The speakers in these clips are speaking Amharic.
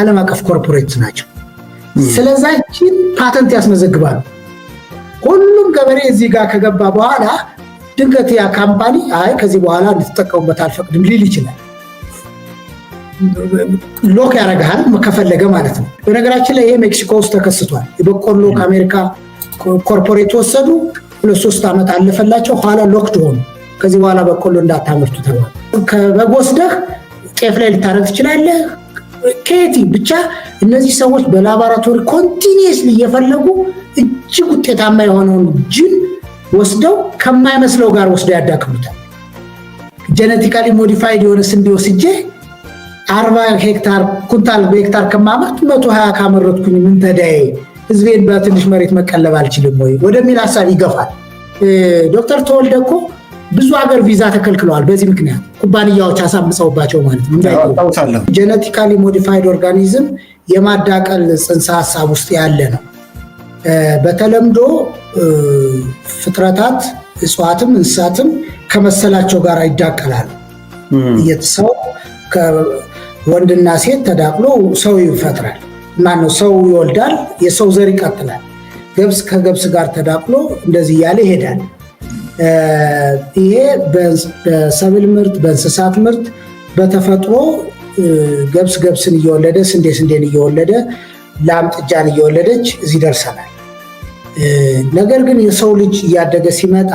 ዓለም አቀፍ ኮርፖሬት ናቸው። ስለዛችን ፓተንት ያስመዘግባሉ። ሁሉም ገበሬ እዚህ ጋር ከገባ በኋላ ድንገት ያ ካምፓኒ አይ ከዚህ በኋላ እንድትጠቀሙበት አልፈቅድም ሊል ይችላል። ሎክ ያደርግሃል ከፈለገ ማለት ነው። በነገራችን ላይ ይሄ ሜክሲኮ ውስጥ ተከስቷል። የበቆሎ ከአሜሪካ ኮርፖሬት ወሰዱ። ሁለት ሶስት ዓመት አለፈላቸው። ኋላ ሎክድ ሆኑ። ከዚህ በኋላ በቆሎ እንዳታመርቱ ተባለ። ከበግ ወስደህ ጤፍ ላይ ልታረግ ትችላለህ። ከየት ብቻ እነዚህ ሰዎች በላቦራቶሪ ኮንቲኒየስሊ እየፈለጉ እጅግ ውጤታማ የሆነውን ጅን ወስደው ከማይመስለው ጋር ወስደው ያዳክሙታል። ጀነቲካሊ ሞዲፋይድ የሆነ ስንዴ ወስጄ አርባ ሄክታር ኩንታል በሄክታር ከማመርት መቶ ሀያ ካመረትኩኝ ምን ተዳይ ህዝቤን በትንሽ መሬት መቀለብ አልችልም ወይ ወደሚል ሀሳብ ይገፋል። ዶክተር ተወልደ እኮ ብዙ ሀገር ቪዛ ተከልክለዋል በዚህ ምክንያት ኩባንያዎች አሳምፀውባቸው ማለት ነው። ጄኔቲካሊ ሞዲፋይድ ኦርጋኒዝም የማዳቀል ጽንሰ ሀሳብ ውስጥ ያለ ነው። በተለምዶ ፍጥረታት እጽዋትም እንስሳትም ከመሰላቸው ጋር ይዳቀላሉ። ሰው ወንድና ሴት ተዳቅሎ ሰው ይፈጥራል። ማነው ሰው ይወልዳል። የሰው ዘር ይቀጥላል። ገብስ ከገብስ ጋር ተዳቅሎ እንደዚህ እያለ ይሄዳል። ይሄ በሰብል ምርት፣ በእንስሳት ምርት፣ በተፈጥሮ ገብስ ገብስን እየወለደ ስንዴ ስንዴን እየወለደ ላም ጥጃን እየወለደች እዚህ ደርሰናል። ነገር ግን የሰው ልጅ እያደገ ሲመጣ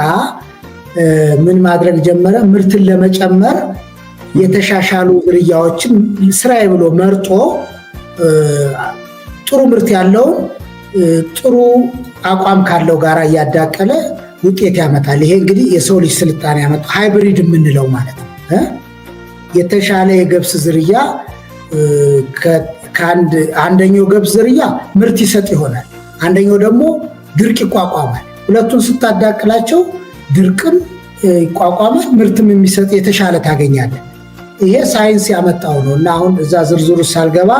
ምን ማድረግ ጀመረ? ምርትን ለመጨመር የተሻሻሉ ዝርያዎችን ስራዬ ብሎ መርጦ ጥሩ ምርት ያለውን ጥሩ አቋም ካለው ጋር እያዳቀለ ውጤት ያመጣል። ይሄ እንግዲህ የሰው ልጅ ስልጣኔ ያመጣው ሃይብሪድ የምንለው ማለት ነው። የተሻለ የገብስ ዝርያ አንደኛው ገብስ ዝርያ ምርት ይሰጥ ይሆናል፣ አንደኛው ደግሞ ድርቅ ይቋቋማል። ሁለቱን ስታዳቅላቸው ድርቅም ይቋቋማል፣ ምርትም የሚሰጥ የተሻለ ታገኛለን። ይሄ ሳይንስ ያመጣው ነው እና አሁን እዛ ዝርዝሩ ሳልገባ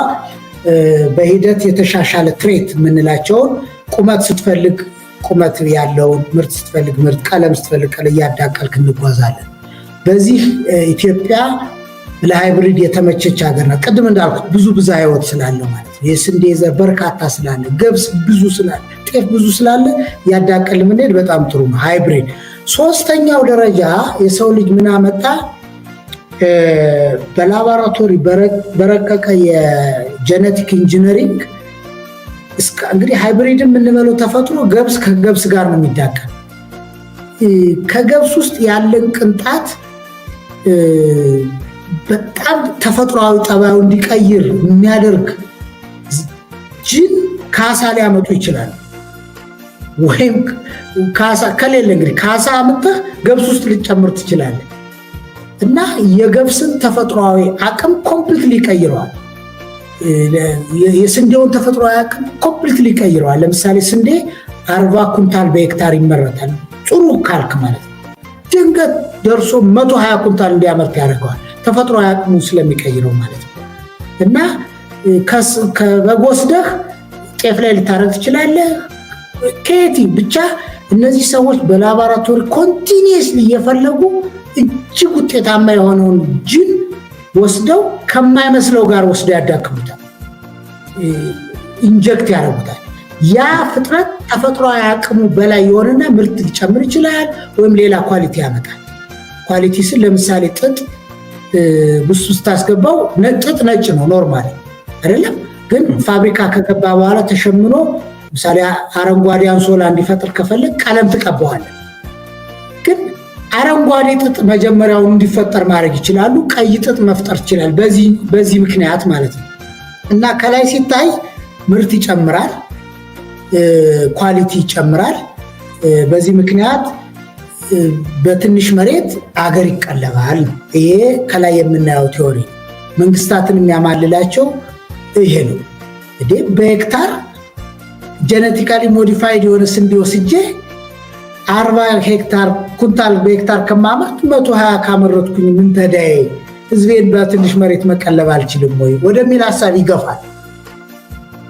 በሂደት የተሻሻለ ትሬት የምንላቸውን ቁመት ስትፈልግ ቁመት ያለውን ምርት ስትፈልግ ምርት፣ ቀለም ስትፈልግ ቀለም እያዳቀልክ እንጓዛለን። በዚህ ኢትዮጵያ ለሃይብሪድ የተመቸች ሀገር ናት። ቅድም እንዳልኩት ብዙ ብዛ ህይወት ስላለ ማለት ነው። የስንዴ ዘር በርካታ ስላለ፣ ገብስ ብዙ ስላለ፣ ጤፍ ብዙ ስላለ ያዳቀል ምንሄድ በጣም ጥሩ ነው ሃይብሪድ። ሶስተኛው ደረጃ የሰው ልጅ ምናመጣ በላቦራቶሪ በረቀቀ የጀነቲክ ኢንጂነሪንግ እንግዲህ ሃይብሪድ የምንበለው ተፈጥሮ ገብስ ከገብስ ጋር ነው የሚዳቀል። ከገብስ ውስጥ ያለን ቅንጣት በጣም ተፈጥሯዊ ጠባዩ እንዲቀይር የሚያደርግ ጅን ካሳ ሊያመጡ ይችላል። ወይም ካሳ ከሌለ እንግዲህ ካሳ አምጥተህ ገብስ ውስጥ ልጨምር ትችላለህ እና የገብስን ተፈጥሯዊ አቅም ኮምፕሊትሊ ይቀይረዋል። የስንዴውን ተፈጥሮ አያቅም ኮምፕሊትሊ ይቀይረዋል። ለምሳሌ ስንዴ አርባ ኩንታል በሄክታር ይመረታል ጥሩ ካልክ ማለት ነው። ድንገት ደርሶ መቶ ሀያ ኩንታል እንዲያመርት ያደርገዋል። ተፈጥሮ አያቅሙ ስለሚቀይረው ማለት ነው። እና ከበጎስደህ ጤፍ ላይ ልታረግ ትችላለህ። ኬቲ ብቻ እነዚህ ሰዎች በላቦራቶሪ ኮንቲኒስ እየፈለጉ እጅግ ውጤታማ የሆነውን ጅን ወስደው ከማይመስለው ጋር ወስደው ያዳክሙታል፣ ኢንጀክት ያደርጉታል። ያ ፍጥረት ተፈጥሯዊ አቅሙ በላይ የሆነና ምርት ሊጨምር ይችላል፣ ወይም ሌላ ኳሊቲ ያመጣል። ኳሊቲ ስን ለምሳሌ ጥጥ ብሱ ስታስገባው ጥጥ ነጭ ነው ኖርማል አይደለም፣ ግን ፋብሪካ ከገባ በኋላ ተሸምኖ ለምሳሌ አረንጓዴ አንሶላ እንዲፈጥር ከፈለግ ቀለም ትቀበዋለ። አረንጓዴ ጥጥ መጀመሪያውን እንዲፈጠር ማድረግ ይችላሉ። ቀይ ጥጥ መፍጠር ይችላል። በዚህ ምክንያት ማለት ነው እና ከላይ ሲታይ ምርት ይጨምራል፣ ኳሊቲ ይጨምራል። በዚህ ምክንያት በትንሽ መሬት አገር ይቀለባል። ይሄ ከላይ የምናየው ቲዎሪ መንግስታትን የሚያማልላቸው ይሄ ነው። በሄክታር ጄኔቲካሊ ሞዲፋይድ የሆነ ስንዴ ወስጄ አርባ ሄክታር ኩንታል በሄክታር ከማመርት መቶ ሀያ ካመረትኩኝ ምን ተዳይ ህዝቤን በትንሽ መሬት መቀለብ አልችልም ወይ ወደሚል ሀሳብ ይገፋል።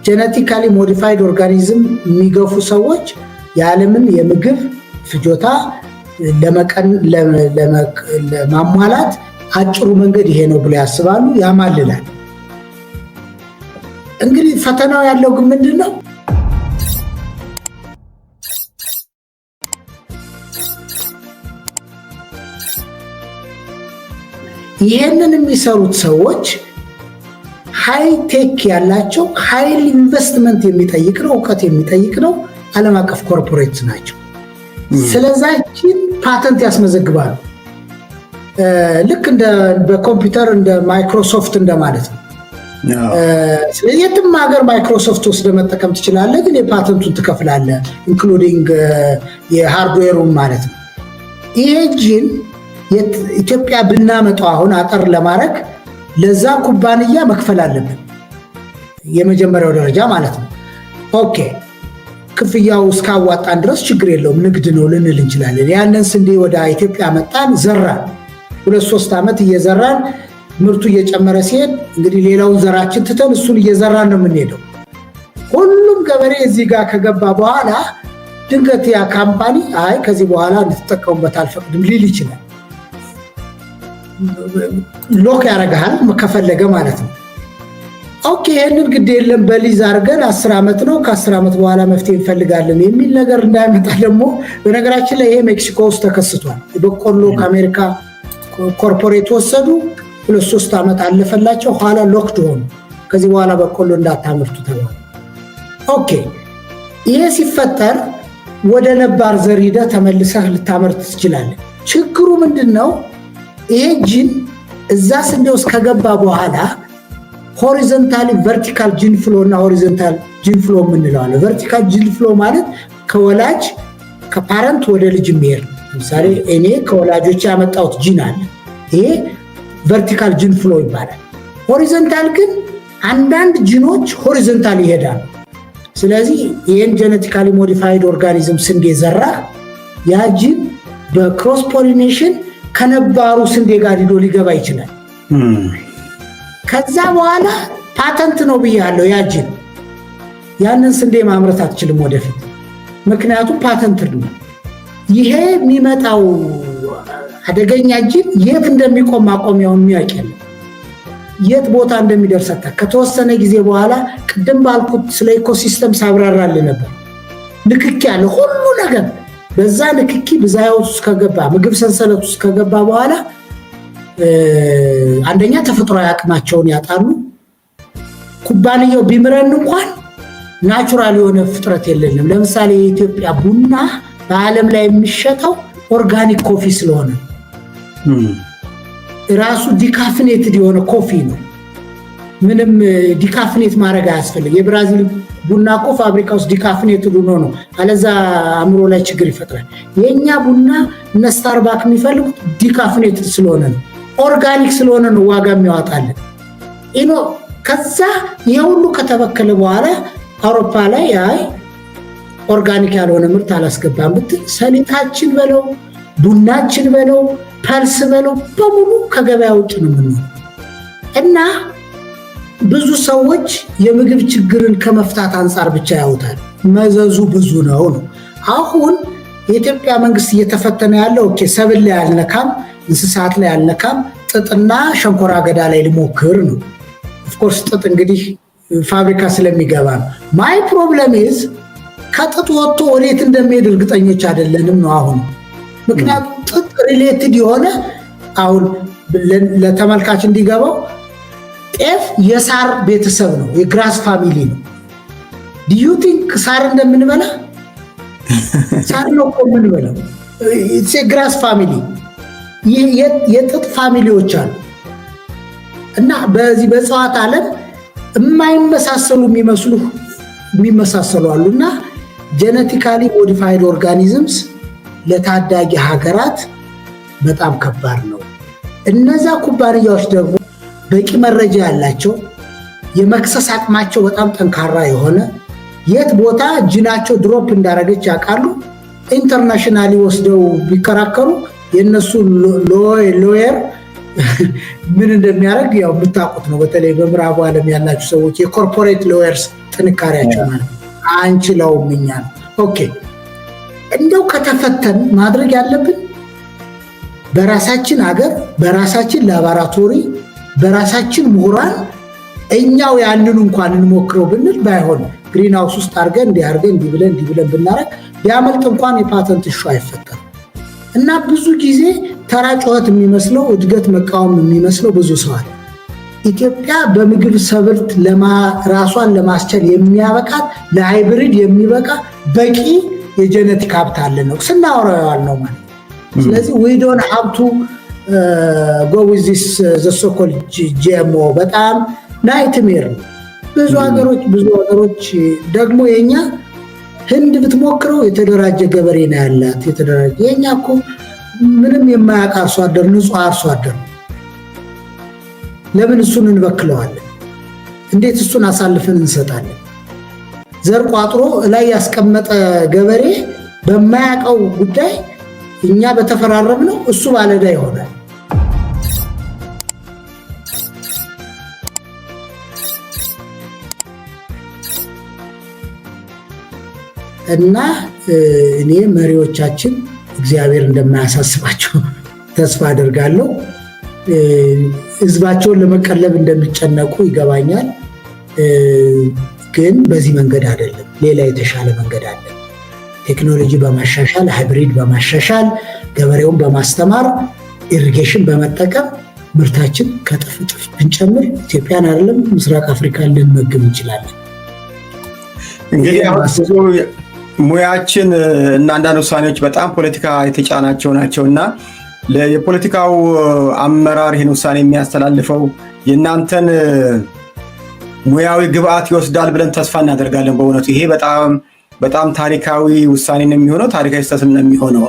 ጀነቲካሊ ሞዲፋይድ ኦርጋኒዝም የሚገፉ ሰዎች የዓለምን የምግብ ፍጆታ ለማሟላት አጭሩ መንገድ ይሄ ነው ብለው ያስባሉ። ያማልላል። እንግዲህ ፈተናው ያለው ግን ምንድን ነው? ይህንን የሚሰሩት ሰዎች ቴክ ያላቸው ሀይል ኢንቨስትመንት የሚጠይቅ ነው፣ እውቀት የሚጠይቅ ነው። ዓለም አቀፍ ኮርፖሬት ናቸው። ስለዛችን ፓተንት ያስመዘግባሉ። ልክ በኮምፒውተር እንደ ማይክሮሶፍት እንደማለት ነው። የትም ሀገር ማይክሮሶፍት ወስደ መጠቀም ትችላለ ግን የፓተንቱን ትከፍላለ፣ ኢንክሉዲንግ የሃርድዌሩን ማለት ነው። ይሄ ጂን ኢትዮጵያ ብናመጣው አሁን አጠር ለማድረግ ለዛ ኩባንያ መክፈል አለብን። የመጀመሪያው ደረጃ ማለት ነው። ኦኬ ክፍያው እስካዋጣን ድረስ ችግር የለውም ንግድ ነው ልንል እንችላለን። ያንን ስንዴ ወደ ኢትዮጵያ መጣን፣ ዘራን። ሁለት ሶስት ዓመት እየዘራን ምርቱ እየጨመረ ሲሄድ እንግዲህ ሌላውን ዘራችን ትተን እሱን እየዘራን ነው የምንሄደው። ሁሉም ገበሬ እዚህ ጋር ከገባ በኋላ ድንገት ያ ካምፓኒ አይ ከዚህ በኋላ እንድትጠቀሙበት አልፈቅድም ሊል ይችላል። ሎክ ያደርግሃል ከፈለገ ማለት ነው። ኦኬ ይህንን ግድ የለም በሊዝ አድርገን አስር ዓመት ነው ከአስር ዓመት በኋላ መፍትሄ እንፈልጋለን የሚል ነገር እንዳይመጣ ደግሞ በነገራችን ላይ ይሄ ሜክሲኮ ውስጥ ተከስቷል። በቆሎ ከአሜሪካ ኮርፖሬት ወሰዱ። ሁለት ሶስት ዓመት አለፈላቸው። ኋላ ሎክድ ሆኑ። ከዚህ በኋላ በቆሎ እንዳታመርቱ ተባለ። ኦኬ ይሄ ሲፈጠር ወደ ነባር ዘር ሂደህ ተመልሰህ ልታመርት ትችላለህ። ችግሩ ምንድን ነው? ይሄ ጂን እዛ ስንዴ ውስጥ ከገባ በኋላ ሆሪዘንታሊ ቨርቲካል ጂን ፍሎ እና ሆሪዘንታል ጂን ፍሎ የምንለዋለን። ቨርቲካል ጂን ፍሎ ማለት ከወላጅ ከፓረንት ወደ ልጅ የሚሄድ ለምሳሌ እኔ ከወላጆች ያመጣሁት ጂን አለ። ይሄ ቨርቲካል ጂን ፍሎ ይባላል። ሆሪዘንታል ግን አንዳንድ ጂኖች ሆሪዘንታል ይሄዳሉ። ስለዚህ ይህን ጀነቲካሊ ሞዲፋይድ ኦርጋኒዝም ስንዴ ዘራ ያ ጂን በክሮስ ፖሊኔሽን ከነባሩ ስንዴ ጋር ሂዶ ሊገባ ይችላል። ከዛ በኋላ ፓተንት ነው ብያለሁ። ያጅን ያንን ስንዴ ማምረት አትችልም ወደፊት፣ ምክንያቱም ፓተንት ነው። ይሄ የሚመጣው አደገኛ ጅን የት እንደሚቆም ማቆሚያውን የሚያውቅ ነው። የት ቦታ እንደሚደርሰታ ከተወሰነ ጊዜ በኋላ ቅድም ባልኩት ስለ ኢኮሲስተም ሳብራራል ነበር። ንክክ ያለ ሁሉ ነገር በዛ ንክኪ ብዛ ውስጥ ከገባ ምግብ ሰንሰለት ውስጥ ከገባ በኋላ አንደኛ ተፈጥሯዊ አቅማቸውን ያጣሉ። ኩባንያው ቢምረን እንኳን ናቹራል የሆነ ፍጥረት የለንም። ለምሳሌ የኢትዮጵያ ቡና በዓለም ላይ የሚሸጠው ኦርጋኒክ ኮፊ ስለሆነ ራሱ ዲካፍኔትድ የሆነ ኮፊ ነው። ምንም ዲካፍኔት ማድረግ አያስፈልግ። የብራዚል ቡና እኮ ፋብሪካ ውስጥ ዲካፍኔት ሆኖ ነው፣ አለዛ አእምሮ ላይ ችግር ይፈጥራል። የእኛ ቡና እነ ስታርባክ የሚፈልጉት ዲካፍኔት ስለሆነ ነው፣ ኦርጋኒክ ስለሆነ ነው ዋጋ የሚያወጣለን። ኢኖ ከዛ ይህ ሁሉ ከተበከለ በኋላ አውሮፓ ላይ አይ ኦርጋኒክ ያልሆነ ምርት አላስገባም ብትል ሰሊታችን በለው ቡናችን በለው ፐልስ በለው በሙሉ ከገበያ ውጭ ነው የምንሆነው እና ብዙ ሰዎች የምግብ ችግርን ከመፍታት አንጻር ብቻ ያውታል። መዘዙ ብዙ ነው ነው አሁን የኢትዮጵያ መንግስት እየተፈተነ ያለው ኦኬ፣ ሰብል ላይ አልነካም፣ እንስሳት ላይ አልነካም፣ ጥጥና ሸንኮራ አገዳ ላይ ልሞክር ነው። ኦፍኮርስ ጥጥ እንግዲህ ፋብሪካ ስለሚገባ ነው። ማይ ፕሮብለም ዝ ከጥጥ ወጥቶ ወዴት እንደሚሄድ እርግጠኞች አይደለንም ነው አሁን። ምክንያቱም ጥጥ ሪሌትድ የሆነ አሁን ለተመልካች እንዲገባው ጤፍ የሳር ቤተሰብ ነው፣ የግራስ ፋሚሊ ነው። ዲዩ ቲንክ ሳር እንደምንበላ ሳር ነው እኮ የምንበላው። የግራስ ፋሚሊ የጥጥ ፋሚሊዎች አሉ። እና በዚህ በእጽዋት ዓለም የማይመሳሰሉ የሚመስሉ የሚመሳሰሉ አሉ እና ጀነቲካሊ ሞዲፋይድ ኦርጋኒዝምስ ለታዳጊ ሀገራት በጣም ከባድ ነው። እነዛ ኩባንያዎች ደግሞ በቂ መረጃ ያላቸው የመክሰስ አቅማቸው በጣም ጠንካራ የሆነ የት ቦታ ጅናቸው ድሮፕ እንዳደረገች ያውቃሉ። ኢንተርናሽናሊ ወስደው ቢከራከሩ የእነሱ ሎየር ምን እንደሚያደርግ ያው የምታውቁት ነው። በተለይ በምዕራቡ ዓለም ያላችሁ ሰዎች የኮርፖሬት ሎየርስ ጥንካሬያቸው ማለት አንችለውም እኛ ነው። ኦኬ እንደው ከተፈተን ማድረግ ያለብን በራሳችን አገር በራሳችን ላቦራቶሪ በራሳችን ምሁራን እኛው ያንን እንኳን እንሞክረው ብንል ባይሆን ግሪን ሃውስ ውስጥ አድርገን እንዲህ አድርገን እንዲህ ብለን እንዲህ ብለን ብናረግ ቢያመልጥ እንኳን የፓተንት እሾ አይፈጠር እና ብዙ ጊዜ ተራ ጩኸት የሚመስለው እድገት መቃወም የሚመስለው ብዙ ሰዋል። ኢትዮጵያ በምግብ ሰብርት ራሷን ለማስቸል የሚያበቃት ለሃይብሪድ የሚበቃ በቂ የጀነቲክ ሀብት አለ ነው ስናወራዋል ነው ማለት ስለዚህ ዊዶን ሀብቱ ጎዊዚስ ዘሶኮል ጂኤምኦ በጣም ናይትሜር ነው። ብዙ hmm. ሀገሮች ብዙ ሀገሮች ደግሞ የኛ ህንድ ብትሞክረው የተደራጀ ገበሬ ነው ያላት የተደራጀ። የኛ እኮ ምንም የማያውቅ አርሶ አደር ንጹህ አርሶ አደር ለምን እሱን እንበክለዋለን? እንዴት እሱን አሳልፈን እንሰጣለን? ዘር ቋጥሮ ላይ ያስቀመጠ ገበሬ በማያውቀው ጉዳይ እኛ በተፈራረም ነው እሱ ባለዕዳ ይሆናል። እና እኔ መሪዎቻችን እግዚአብሔር እንደማያሳስባቸው ተስፋ አደርጋለሁ። ህዝባቸውን ለመቀለብ እንደሚጨነቁ ይገባኛል። ግን በዚህ መንገድ አይደለም፣ ሌላ የተሻለ መንገድ አለ። ቴክኖሎጂ በማሻሻል ሃይብሪድ በማሻሻል ገበሬውን በማስተማር ኢሪጌሽን በመጠቀም ምርታችን ከጥፍ ጥፍ ብንጨምር ኢትዮጵያን አይደለም ምስራቅ አፍሪካን ልንመግብ እንችላለን። እንግዲህ ሙያችን እና አንዳንድ ውሳኔዎች በጣም ፖለቲካ የተጫናቸው ናቸው እና የፖለቲካው አመራር ይህን ውሳኔ የሚያስተላልፈው የእናንተን ሙያዊ ግብአት ይወስዳል ብለን ተስፋ እናደርጋለን። በእውነቱ ይሄ በጣም በጣም ታሪካዊ ውሳኔ ነው የሚሆነው፣ ታሪካዊ ስህተትም ነው የሚሆነው።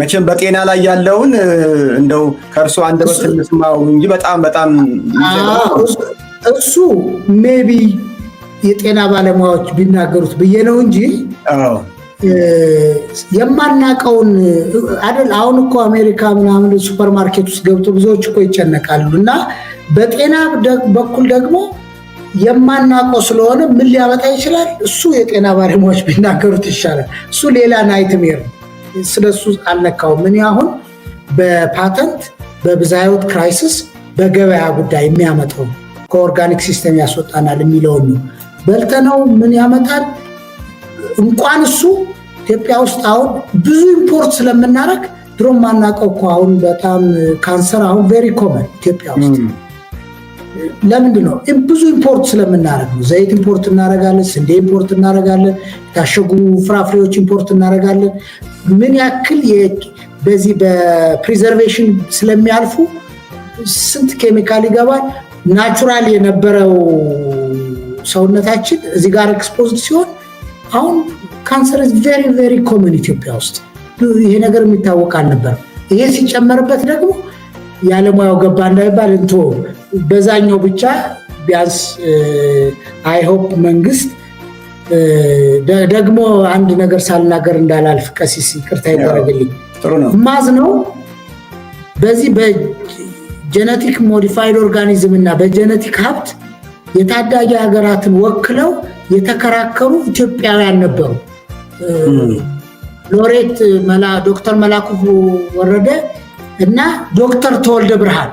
መቼም በጤና ላይ ያለውን እንደው ከእርሱ አንድ እንስማው እንጂ በጣም በጣም እሱ ሜቢ የጤና ባለሙያዎች ቢናገሩት ብዬ ነው እንጂ የማናቀውን አይደል። አሁን እኮ አሜሪካ ምናምን ሱፐርማርኬት ውስጥ ገብቶ ብዙዎች እኮ ይጨነቃሉ እና በጤና በኩል ደግሞ የማናውቀው ስለሆነ ምን ሊያመጣ ይችላል? እሱ የጤና ባለሙያዎች ቢናገሩት ይሻላል። እሱ ሌላ ናይትሜር ነው። ስለሱ አልነካውም። እኔ አሁን በፓተንት በብዝሃ ሕይወት ክራይሲስ በገበያ ጉዳይ የሚያመጣው ከኦርጋኒክ ሲስተም ያስወጣናል የሚለውን ነው። በልተነው ምን ያመጣል? እንኳን እሱ ኢትዮጵያ ውስጥ አሁን ብዙ ኢምፖርት ስለምናደርግ ድሮ ማናውቀው እኮ አሁን በጣም ካንሰር አሁን ቬሪ ኮመን ኢትዮጵያ ውስጥ ለምንድን ነው ብዙ ኢምፖርት ስለምናደረግ ነው። ዘይት ኢምፖርት እናደረጋለን፣ ስንዴ ኢምፖርት እናደረጋለን፣ የታሸጉ ፍራፍሬዎች ኢምፖርት እናደረጋለን። ምን ያክል በዚህ በፕሪዘርቬሽን ስለሚያልፉ ስንት ኬሚካል ይገባል። ናቹራል የነበረው ሰውነታችን እዚህ ጋር ኤክስፖዝድ ሲሆን አሁን ካንሰር ቬሪ ቬሪ ኮመን ኢትዮጵያ ውስጥ ይሄ ነገር የሚታወቅ አልነበረም። ይሄ ሲጨመርበት ደግሞ ያለሙያው ገባ እንዳይባል እንቶ በዛኛው ብቻ ቢያንስ አይሆፕ መንግስት ደግሞ አንድ ነገር ሳልናገር እንዳላልፍ ቀሲስ ይቅርታ ይደረግልኝ። ማዝ ነው በዚህ በጀነቲክ ሞዲፋይድ ኦርጋኒዝም እና በጀነቲክ ሀብት የታዳጊ ሀገራትን ወክለው የተከራከሩ ኢትዮጵያውያን ነበሩ። ሎሬት ዶክተር መላኩ ወረደ እና ዶክተር ተወልደ ብርሃን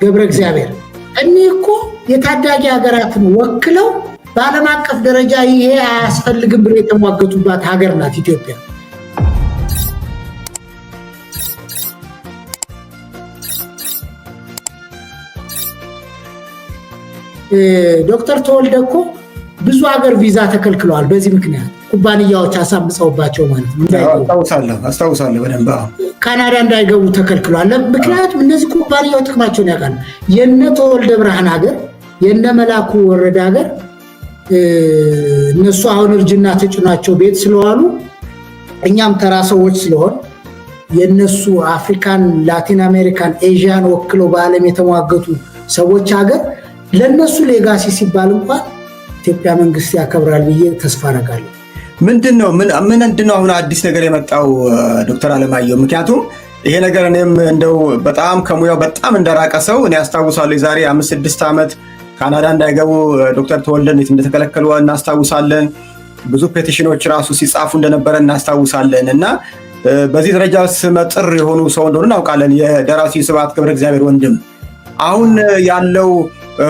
ገብረ እግዚአብሔር እኒህ እኮ የታዳጊ ሀገራትን ወክለው በዓለም አቀፍ ደረጃ ይሄ አያስፈልግም ብሎ የተሟገቱባት ሀገር ናት ኢትዮጵያ። ዶክተር ተወልደ እኮ ብዙ ሀገር ቪዛ ተከልክለዋል በዚህ ምክንያት። ኩባንያዎች አሳምፀውባቸው ማለት ነው። አስታውሳለሁ በደንብ ካናዳ እንዳይገቡ ተከልክሏል። ምክንያቱም እነዚህ ኩባንያው ጥቅማቸውን ያውቃሉ። የነ ተወልደ ብርሃን ሀገር የነ መላኩ ወረደ ሀገር እነሱ አሁን እርጅና ተጭኗቸው ቤት ስለዋሉ እኛም ተራ ሰዎች ስለሆን የእነሱ አፍሪካን፣ ላቲን አሜሪካን፣ ኤዥያን ወክለው በዓለም የተሟገቱ ሰዎች ሀገር ለእነሱ ሌጋሲ ሲባል እንኳን ኢትዮጵያ መንግስት ያከብራል ብዬ ተስፋ አደርጋለሁ። ምንድን ነው ምንድን ነው አሁን አዲስ ነገር የመጣው ዶክተር አለማየሁ? ምክንያቱም ይሄ ነገር እኔም እንደው በጣም ከሙያው በጣም እንደራቀ ሰው እኔ አስታውሳለሁ። የዛሬ አምስት ስድስት ዓመት ካናዳ እንዳይገቡ ዶክተር ተወልደን እንደተከለከሉ እናስታውሳለን። ብዙ ፔቲሽኖች ራሱ ሲጻፉ እንደነበረ እናስታውሳለን። እና በዚህ ደረጃ ስመጥር የሆኑ ሰው እንደሆኑ እናውቃለን። የደራሲ ስብሐት ገብረ እግዚአብሔር ወንድም አሁን ያለው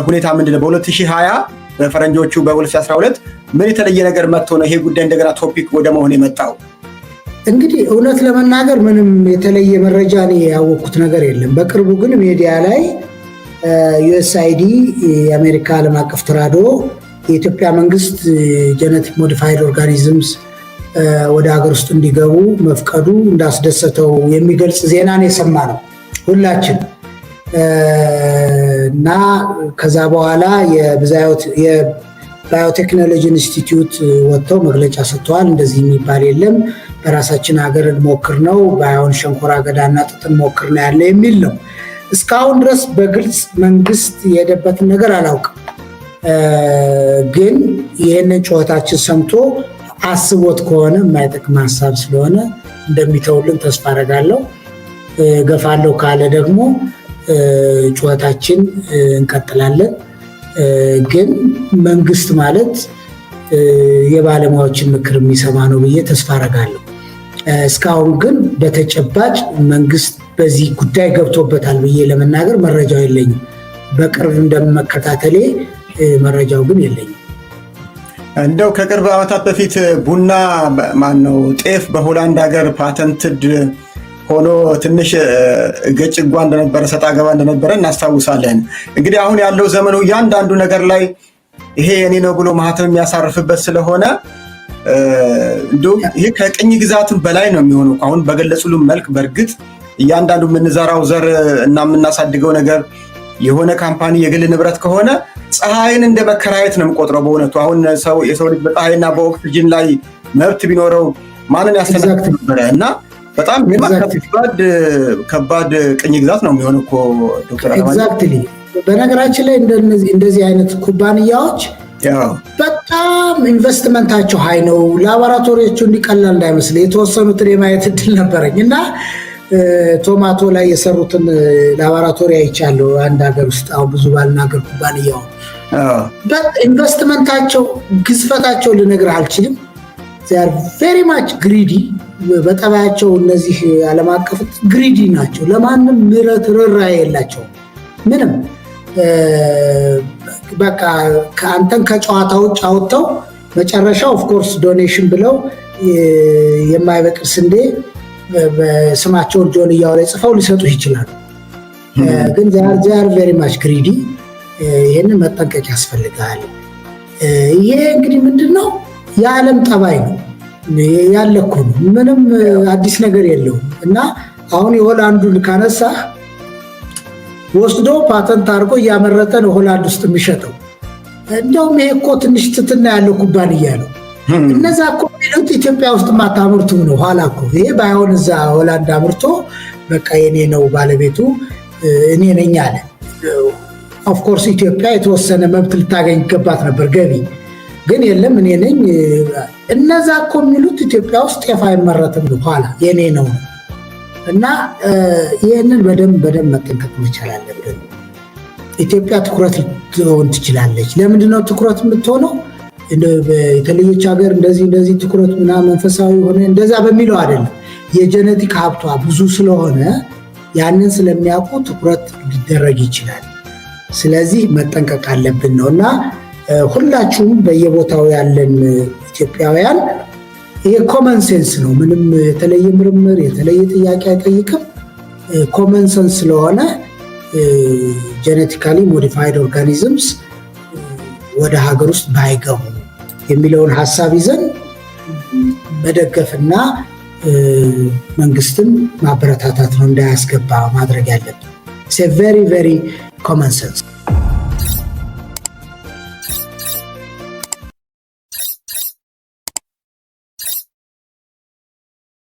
ሁኔታ ምንድነው? በ2020 በፈረንጆቹ በ2012 ምን የተለየ ነገር መጥቶ ነው ይሄ ጉዳይ እንደገና ቶፒክ ወደ መሆን የመጣው? እንግዲህ እውነት ለመናገር ምንም የተለየ መረጃ እኔ ያወቅኩት ነገር የለም። በቅርቡ ግን ሜዲያ ላይ ዩኤስአይዲ የአሜሪካ ዓለም አቀፍ ተራድኦ የኢትዮጵያ መንግስት ጀነቲክ ሞዲፋይድ ኦርጋኒዝምስ ወደ ሀገር ውስጥ እንዲገቡ መፍቀዱ እንዳስደሰተው የሚገልጽ ዜናን የሰማ ነው ሁላችን እና ከዛ በኋላ ባዮቴክኖሎጂ ኢንስቲትዩት ወጥተው መግለጫ ሰጥተዋል። እንደዚህ የሚባል የለም፣ በራሳችን ሀገር ሞክር ነው ባዮን ሸንኮራ አገዳና ጥጥን ሞክር ነው ያለ የሚል ነው። እስካሁን ድረስ በግልጽ መንግስት የሄደበትን ነገር አላውቅም። ግን ይህንን ጩኸታችን ሰምቶ አስቦት ከሆነ የማይጠቅም ሀሳብ ስለሆነ እንደሚተውልን ተስፋ አደርጋለሁ። ገፋለሁ ካለ ደግሞ ጩኸታችን እንቀጥላለን። ግን መንግስት ማለት የባለሙያዎችን ምክር የሚሰማ ነው ብዬ ተስፋ አረጋለሁ። እስካሁን ግን በተጨባጭ መንግስት በዚህ ጉዳይ ገብቶበታል ብዬ ለመናገር መረጃው የለኝም። በቅርብ እንደመከታተሌ መረጃው ግን የለኝም። እንደው ከቅርብ ዓመታት በፊት ቡና ማነው ጤፍ በሆላንድ ሀገር ፓተንትድ ሆኖ ትንሽ ገጭጓ እንደነበረ ሰጣ ገባ እንደነበረ እናስታውሳለን። እንግዲህ አሁን ያለው ዘመኑ እያንዳንዱ ነገር ላይ ይሄ የኔ ነው ብሎ ማህተም የሚያሳርፍበት ስለሆነ እንዲሁም ይህ ከቅኝ ግዛትም በላይ ነው የሚሆነው። አሁን በገለጹልን መልክ በእርግጥ እያንዳንዱ የምንዘራው ዘር እና የምናሳድገው ነገር የሆነ ካምፓኒ የግል ንብረት ከሆነ ፀሐይን እንደ መከራየት ነው የምቆጥረው። በእውነቱ አሁን የሰው ልጅ በፀሐይና በኦክሲጅን ላይ መብት ቢኖረው ማንን ያስተናግድ ነበረ እና በጣም ከባድ ቅኝ ግዛት ነው የሚሆን እኮ ዶክተር በነገራችን ላይ እንደዚህ አይነት ኩባንያዎች በጣም ኢንቨስትመንታቸው ሀይ ነው። ላቦራቶሪዎቹ እንዲቀላል እንዳይመስል የተወሰኑትን የማየት እድል ነበረኝ እና ቶማቶ ላይ የሰሩትን ላቦራቶሪ አይቻለሁ። አንድ ሀገር ውስጥ አሁን ብዙ ባልናገር ኩባንያው ኢንቨስትመንታቸው ግዝፈታቸው ልነግር አልችልም። ቬሪ ማች ግሪዲ በጠባያቸው እነዚህ ዓለም አቀፍ ግሪዲ ናቸው። ለማንም ምረት ርራ የላቸውም። ምንም በቃ ከአንተን ከጨዋታ ውጭ አውጥተው መጨረሻ ኦፍኮርስ ዶኔሽን ብለው የማይበቅል ስንዴ በስማቸውን ጆንያው ላይ ጽፈው ሊሰጡ ይችላሉ። ግን ዚያር ቬሪ ማች ግሪዲ፣ ይህንን መጠንቀቅ ያስፈልጋል። ይሄ እንግዲህ ምንድን ነው የዓለም ጠባይ ነው። ያለ እኮ ነው። ምንም አዲስ ነገር የለውም። እና አሁን የሆላንዱን ካነሳ ወስዶ ፓተንት አድርጎ እያመረተ ነው ሆላንድ ውስጥ የሚሸጠው። እንደውም ይሄ እኮ ትንሽ ትትና ያለው ኩባንያ ነው። እነዛ እኮ የሚሉት ኢትዮጵያ ውስጥ ማታምርቱ ነው። ኋላ እኮ ይሄ ባይሆን እዛ ሆላንድ አምርቶ በቃ የኔ ነው ባለቤቱ እኔ ነኝ አለ። ኦፍኮርስ ኢትዮጵያ የተወሰነ መብት ልታገኝ ይገባት ነበር ገቢ ግን የለም እኔ ነኝ። እነዛ እኮ የሚሉት ኢትዮጵያ ውስጥ ጤፍ አይመረትም ኋላ የኔ ነው እና ይህንን በደንብ በደንብ መጠንቀቅ መቻል አለብን። ኢትዮጵያ ትኩረት ልትሆን ትችላለች። ለምንድነው ትኩረት የምትሆነው? የተለየች ሀገር እንደዚህ እንደዚህ ትኩረት ምና መንፈሳዊ ሆነ እንደዛ በሚለው አይደለም። የጀነቲክ ሀብቷ ብዙ ስለሆነ ያንን ስለሚያውቁ ትኩረት ሊደረግ ይችላል። ስለዚህ መጠንቀቅ አለብን ነው እና ሁላችሁም በየቦታው ያለን ኢትዮጵያውያን ይሄ ኮመን ሴንስ ነው። ምንም የተለየ ምርምር የተለየ ጥያቄ አይጠይቅም። ኮመን ሴንስ ስለሆነ ጄኔቲካሊ ሞዲፋይድ ኦርጋኒዝምስ ወደ ሀገር ውስጥ ባይገቡ የሚለውን ሀሳብ ይዘን መደገፍና መንግስትን ማበረታታት ነው እንዳያስገባ ማድረግ ያለብን ቨሪ ቨሪ ኮመን ሴንስ